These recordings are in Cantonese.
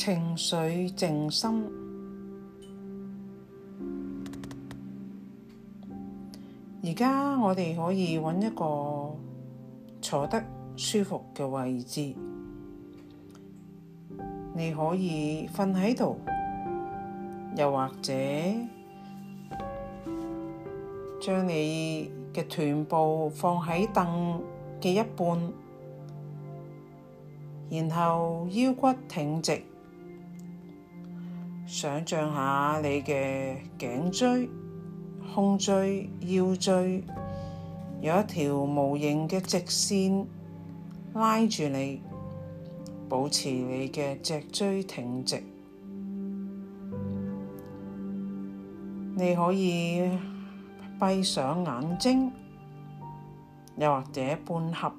情緒靜心。而家我哋可以揾一個坐得舒服嘅位置，你可以瞓喺度，又或者將你嘅臀部放喺凳嘅一半，然後腰骨挺直。想象下你嘅頸椎、胸椎、腰椎有一條無形嘅直線拉住你，保持你嘅脊椎挺直。你可以閉上眼睛，又或者半合。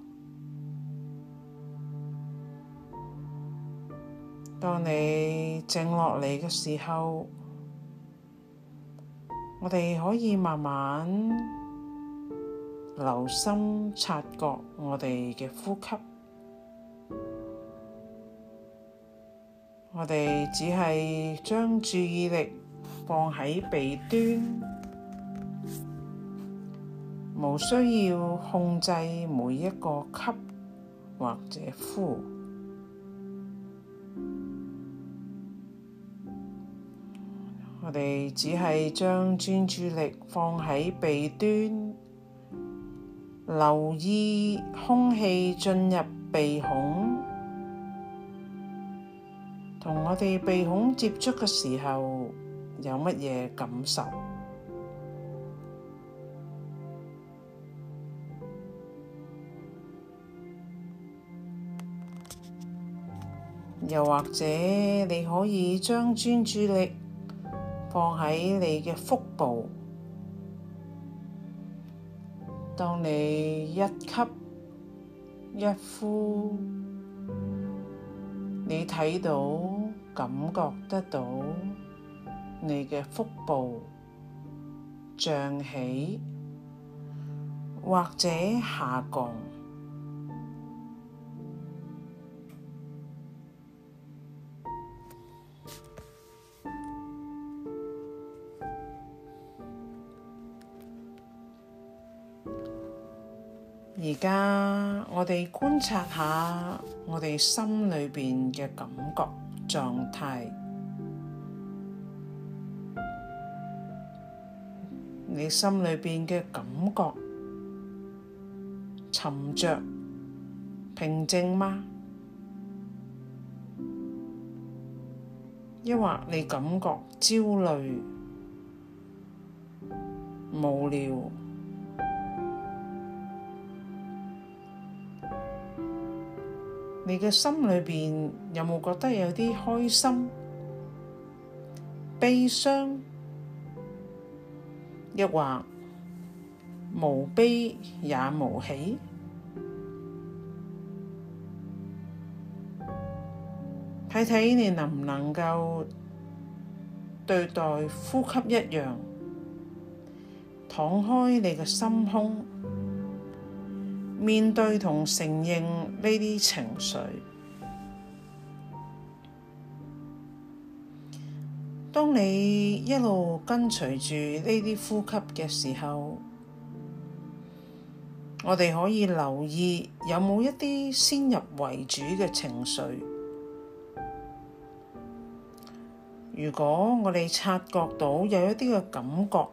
當你靜落嚟嘅時候，我哋可以慢慢留心察覺我哋嘅呼吸。我哋只係將注意力放喺鼻端，無需要控制每一個吸或者呼。我哋只係將專注力放喺鼻端，留意空氣進入鼻孔同我哋鼻孔接觸嘅時候有乜嘢感受。又或者，你可以將專注力，放喺你嘅腹部，當你一吸一呼，你睇到，感覺得到，你嘅腹部脹起或者下降。而家我哋觀察下我哋心裏邊嘅感覺狀態，你心裏邊嘅感覺沉着、平靜嗎？抑或你感覺焦慮、無聊？你嘅心裏面有冇覺得有啲開心、悲傷，抑或無悲也無喜？睇睇你能唔能夠對待呼吸一樣，敞開你嘅心胸。面對同承認呢啲情緒，當你一路跟隨住呢啲呼吸嘅時候，我哋可以留意有冇一啲先入為主嘅情緒。如果我哋察覺到有一啲嘅感覺，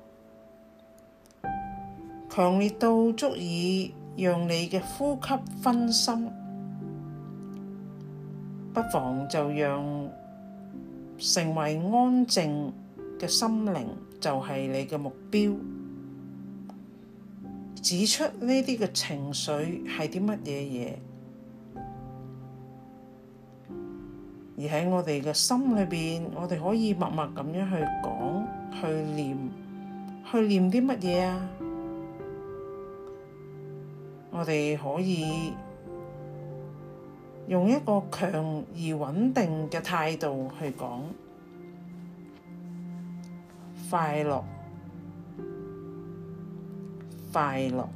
強烈到足以～讓你嘅呼吸分心，不妨就讓成為安靜嘅心靈，就係你嘅目標。指出呢啲嘅情緒係啲乜嘢嘢，而喺我哋嘅心裏邊，我哋可以默默咁樣去講、去念、去念啲乜嘢啊？我哋可以用一個強而穩定嘅態度去講快樂、快樂、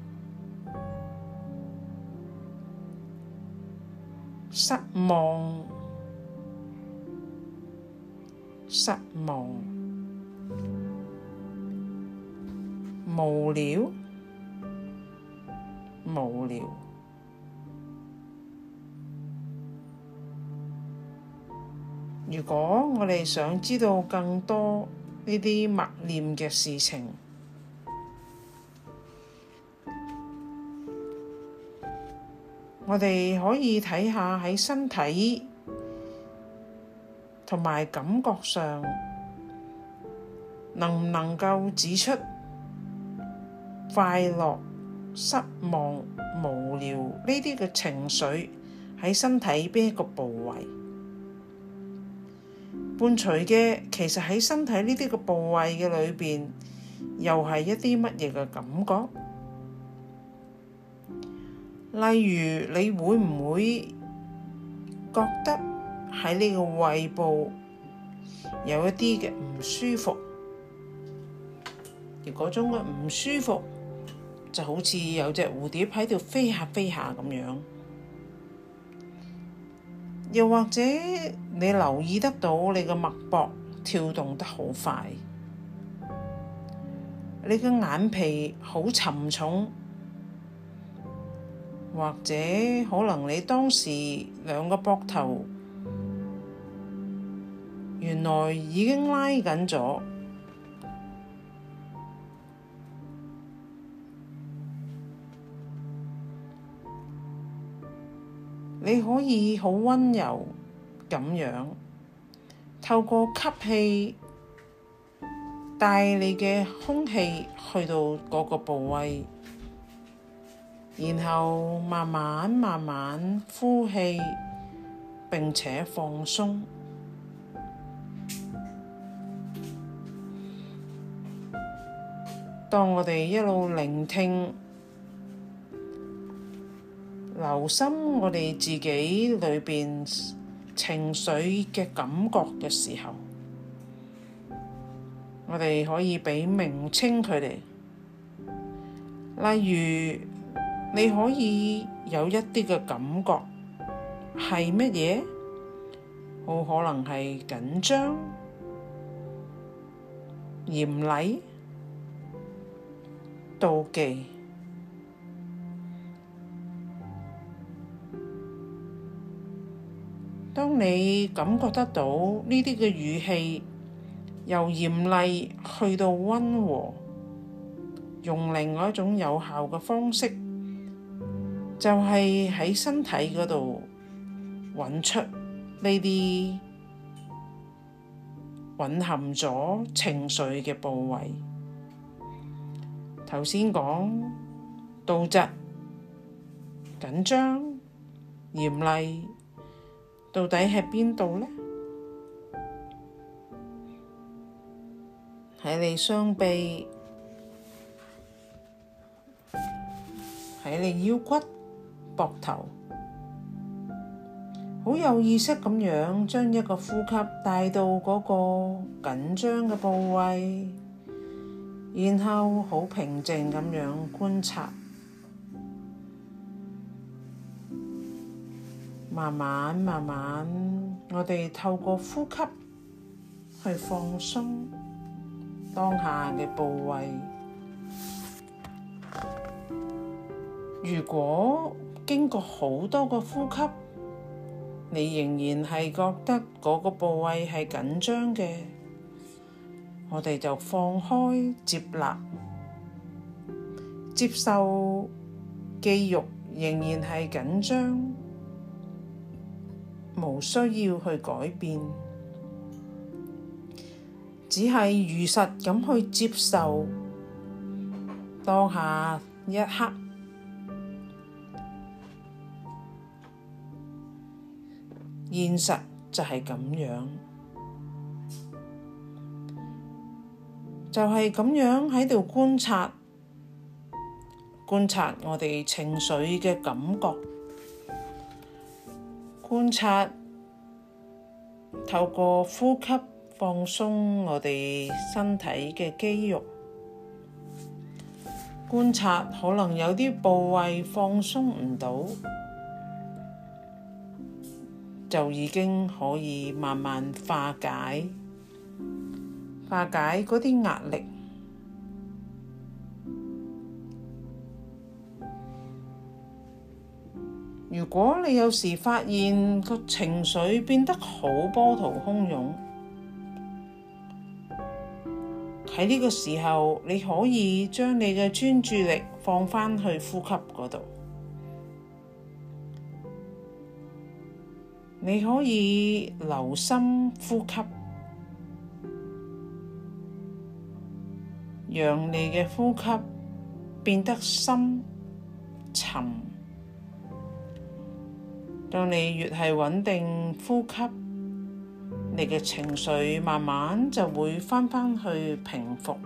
失望、失望、無聊。無聊。如果我哋想知道更多呢啲默念嘅事情，我哋可以睇下喺身體同埋感覺上，能唔能夠指出快樂？失望、無聊呢啲嘅情緒喺身體邊一個部位伴隨嘅，其實喺身體呢啲嘅部位嘅裏邊，又係一啲乜嘢嘅感覺？例如，你會唔會覺得喺呢個胃部有一啲嘅唔舒服？而嗰種嘅唔舒服，就好似有隻蝴蝶喺度飛下飛下咁樣，又或者你留意得到你個脈搏跳動得好快，你個眼皮好沉重，或者可能你當時兩個膊頭原來已經拉緊咗。你可以好溫柔咁樣，透過吸氣帶你嘅空氣去到嗰個部位，然後慢慢慢慢呼氣，並且放鬆。當我哋一路聆聽。留心我哋自己裏邊情緒嘅感覺嘅時候，我哋可以畀名稱佢哋。例如，你可以有一啲嘅感覺係乜嘢？好可能係緊張、嚴厲、妒忌。當你感覺得到呢啲嘅語氣由嚴厲去到溫和，用另外一種有效嘅方式，就係、是、喺身體嗰度揾出呢啲蘊含咗情緒嘅部位。頭先講道德緊張、嚴厲。到底喺邊度呢？喺你雙臂，喺你腰骨、膊頭，好有意識咁樣將一個呼吸帶到嗰個緊張嘅部位，然後好平靜咁樣觀察。慢慢，慢慢，我哋透過呼吸去放鬆當下嘅部位。如果經過好多個呼吸，你仍然係覺得嗰個部位係緊張嘅，我哋就放開接納，接受肌肉仍然係緊張。無需要去改變，只係如實咁去接受當下一刻，現實就係咁樣，就係咁樣喺度觀察，觀察我哋情緒嘅感覺。觀察，透過呼吸放鬆我哋身體嘅肌肉。觀察可能有啲部位放鬆唔到，就已經可以慢慢化解、化解嗰啲壓力。如果你有時發現個情緒變得好波濤洶湧，喺呢個時候，你可以將你嘅專注力放返去呼吸嗰度，你可以留心呼吸，讓你嘅呼吸變得深沉。當你越係穩定呼吸，你嘅情緒慢慢就會翻返去平復。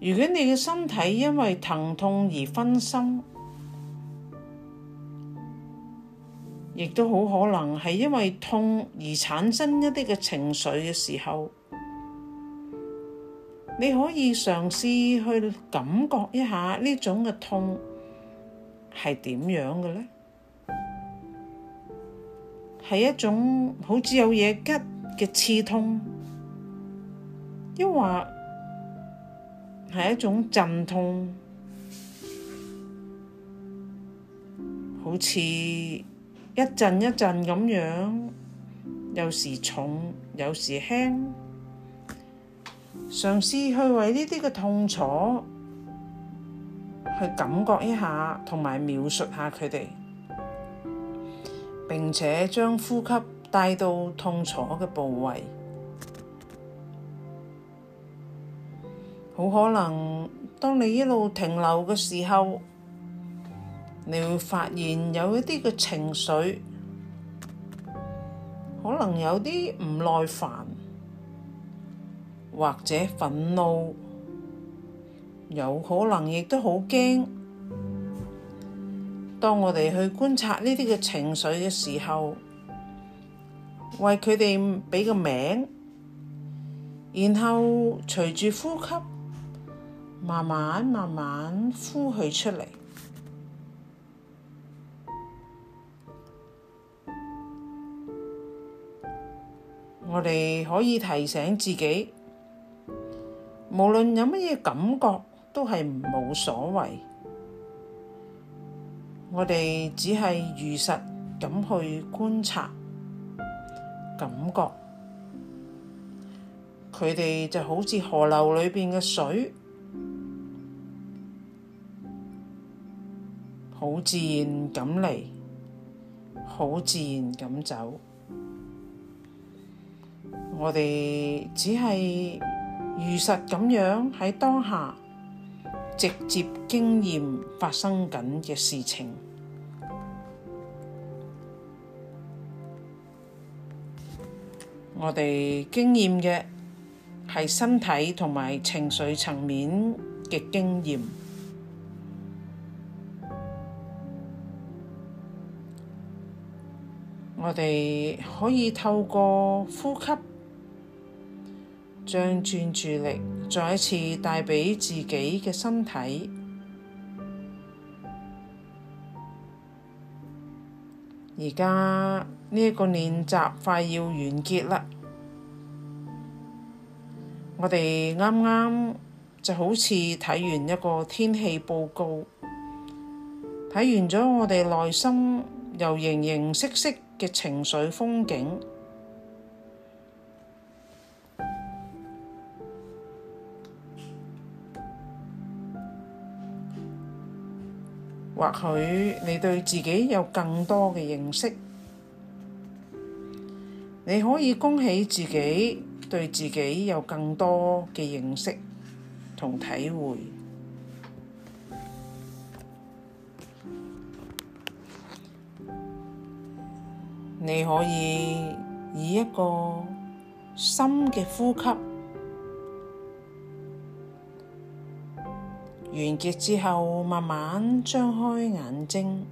如果你嘅身體因為疼痛而分心，亦都好可能係因為痛而產生一啲嘅情緒嘅時候，你可以嘗試去感覺一下呢種嘅痛。係點樣嘅咧？係一種好似有嘢吉嘅刺痛，抑或係一種陣痛，好似一陣一陣咁樣，有時重，有時輕，嘗試去為呢啲嘅痛楚。去感覺一下，同埋描述下佢哋，並且將呼吸帶到痛楚嘅部位。好可能，當你一路停留嘅時候，你會發現有一啲嘅情緒，可能有啲唔耐煩，或者憤怒。有可能亦都好驚。當我哋去觀察呢啲嘅情緒嘅時候，為佢哋俾個名，然後隨住呼吸，慢慢慢慢呼佢出嚟。我哋可以提醒自己，無論有乜嘢感覺。都係冇所謂，我哋只係如實咁去觀察、感覺，佢哋就好似河流裏邊嘅水，好自然咁嚟，好自然咁走。我哋只係如實咁樣喺當下。直接經驗發生緊嘅事情，我哋經驗嘅係身體同埋情緒層面嘅經驗。我哋可以透過呼吸將專注力。再一次帶畀自己嘅身體。而家呢一個練習快要完結啦，我哋啱啱就好似睇完一個天氣報告，睇完咗我哋內心又形形色色嘅情緒風景。或許你對自己有更多嘅認識，你可以恭喜自己，對自己有更多嘅認識同體會。你可以以一個深嘅呼吸。完結之後慢慢張開眼睛。